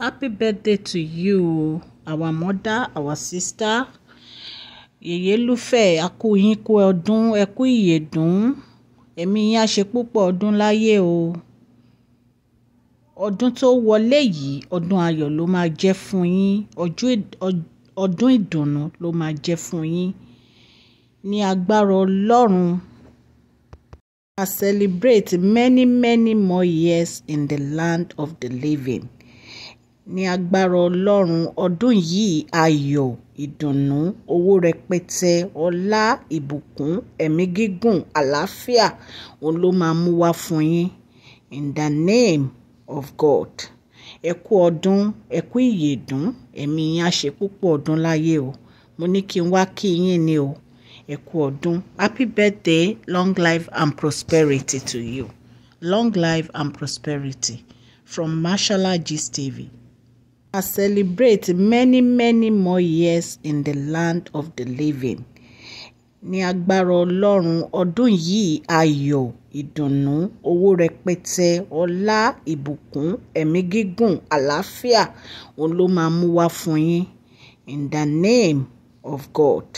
Happy birthday to you, our mother, our sister. Yèyé lúfẹ̀ akú yín kú ọdún ẹkú ìyèdún ẹ̀mí yín á ṣe púpọ̀ ọdún láyé o. Ọdún tó wọlé yìí ọdún ayọ̀ ló máa jẹ́ fún yín ọdún ìdùnnú ló máa jẹ́ fún yín ní agbára Ọlọ́run. I celebrate many many more years in the land of the living ní agbára ọlọ́run ọdún yìí ayọ̀ ìdùnnú owó rẹpẹtẹ ọlá ìbùkún ẹ̀mí gígùn àlàáfíà òun ló máa mú wá fún yín in the name of God ẹ kú ọdún ẹ kú ìyèdún ẹ̀mí yín á ṣe púpọ̀ ọdún láyé o mo ní kí n wá kí yín ni o ẹ ọdún happy birthday long life and prosperity to you long life and prosperity from Mashola Gist TV. I celebrate many many more years in the land of the living. ní agbára ọlọ́run ọdún yìí ayọ̀ ìdùnnú owó rẹpẹtẹ ọlá ìbùkún ẹ̀mí gígùn àlàáfíà òun ló máa mú wá fún yín in the name of God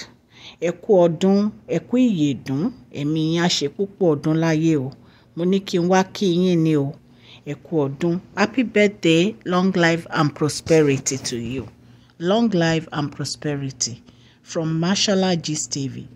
ẹ kú ọdún ẹ kú ìyèdún ẹ̀mí yín á ṣe púpọ̀ ọdún láyé o mo ní kí n wá kí yín ni o ẹ happy birthday long life and prosperity to you long life and prosperity from Marshalla G. Stevie."